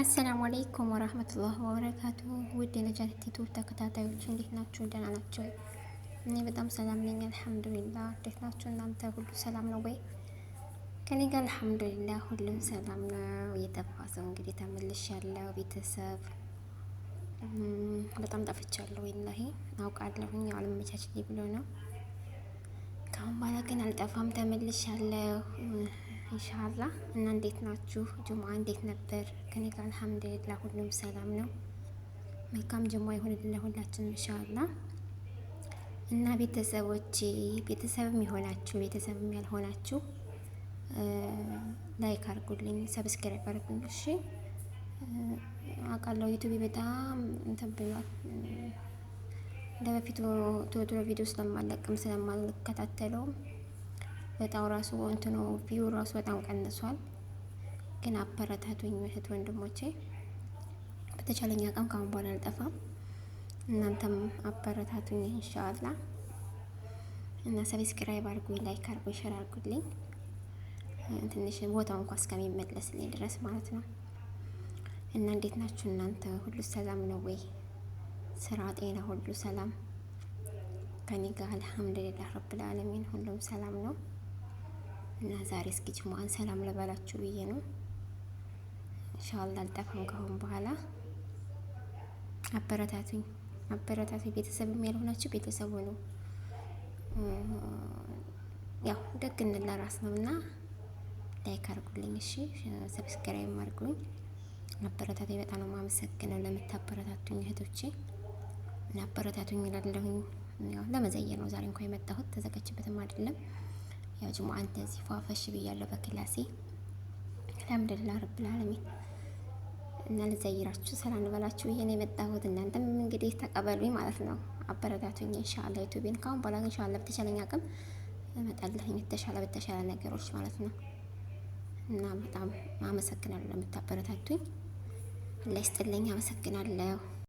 አሰላሙ አለይኩም ወራህመቱላህ ወበረካቱ ውድ የነጃት ቲዩብ ተከታታዮች እንዴት ናችሁ? ደህና ናቸው። እኔ በጣም ሰላም ነኝ፣ አልሐምዱሊላህ። እንዴት ናችሁ እናንተ? ሁሉ ሰላም ነው ወይ? ከኔ ጋር አልሐምዱሊላህ ሁሉም ሰላም ነው። የጠፋ ሰው እንግዲህ ተመልሻለሁ። ቤተሰብ በጣም ጠፍቻለሁ። ወላሂ አውቃለሁኝ፣ አልመቻችልኝ ብሎ ነው። ከአሁን በኋላ ግን አልጠፋም፣ ተመልሻለሁ። ኢንሻአላ እና እንዴት ናችሁ? ጁምአ እንዴት ነበር? ከኔ ጋር አልሐምዱሊላህ ሁሉም ሰላም ነው። መልካም ጁምአ ይሁንልን ለሁላችንም እንሻላ እና ቤተሰቦች ቤተሰብም የሆናችሁ ቤተሰብም ያልሆናችሁ ላይክ አድርጉልኝ፣ ሰብስክራይብ አርጉልኝ። እሺ አውቃለሁ ዩቲዩብ በጣም እንትን ብሏል። ለበፊቱ ቶሎ ቶሎ ቪዲዮ ስለማለቅም ስለማልከታተለውም በጣም ራሱ እንትኑ ቪው ራሱ በጣም ቀንሷል። ግን አበረታቱኝ እህት ወንድሞቼ፣ በተቻለኝ አቅም ከአሁን በኋላ አልጠፋም። እናንተም አበረታቱኝ እንሻላ እና ሰብስክራይብ አድርጉኝ፣ ላይክ አድርጉኝ፣ ሸር አድርጉልኝ ትንሽ ቦታው እንኳ እስከሚመለስልኝ ድረስ ማለት ነው። እና እንዴት ናችሁ እናንተ? ሁሉ ሰላም ነው ወይ? ስራ፣ ጤና ሁሉ ሰላም ከኔ ጋር አልሐምዱሊላህ ረብል ሁሉም ሰላም ነው። እና ዛሬ እስኪ ጅሙአን ሰላም ልበላችሁ ብዬ ነው። ኢንሻአላህ አልጠፋም። ከሆን በኋላ አበረታቱኝ፣ አበረታቱኝ። ቤተሰብ ያልሆናችሁ ቤተሰቡ ነው። ያው ደግ እንላ ራስ ነው እና ላይክ አርጉልኝ፣ እሺ ሰብስክራይብ አድርጉኝ፣ አበረታቱኝ። በጣም ነው የማመሰግነው ለምታበረታቱኝ እህቶቼ እና አበረታቱኝ እላለሁኝ። ለመዘየር ነው ዛሬ እንኳን የመጣሁት ተዘጋጅበትም አይደለም። ያው ጅሙዓ እንደዚህ ፏፈሽ ብያለሁ በክላሴ አልሐምዱሊላህ ረብል ዓለሚን እና ልዘይራችሁ ሰላም ልበላችሁ ብዬ ነው የመጣሁት። እናንተም እንግዲህ ተቀበሉኝ ማለት ነው፣ አበረታቱኝ ኢንሻአላህ። ዩቲዩብን ካሁን በኋላ ኢንሻአላህ በተሻለኝ አቅም እመጣለሁ፣ የተሻለ በተሻለ ነገሮች ማለት ነው። እና በጣም አመሰግናለሁ ለምታበረታቱኝ፣ አላህ ይስጥልኝ። አመሰግናለሁ።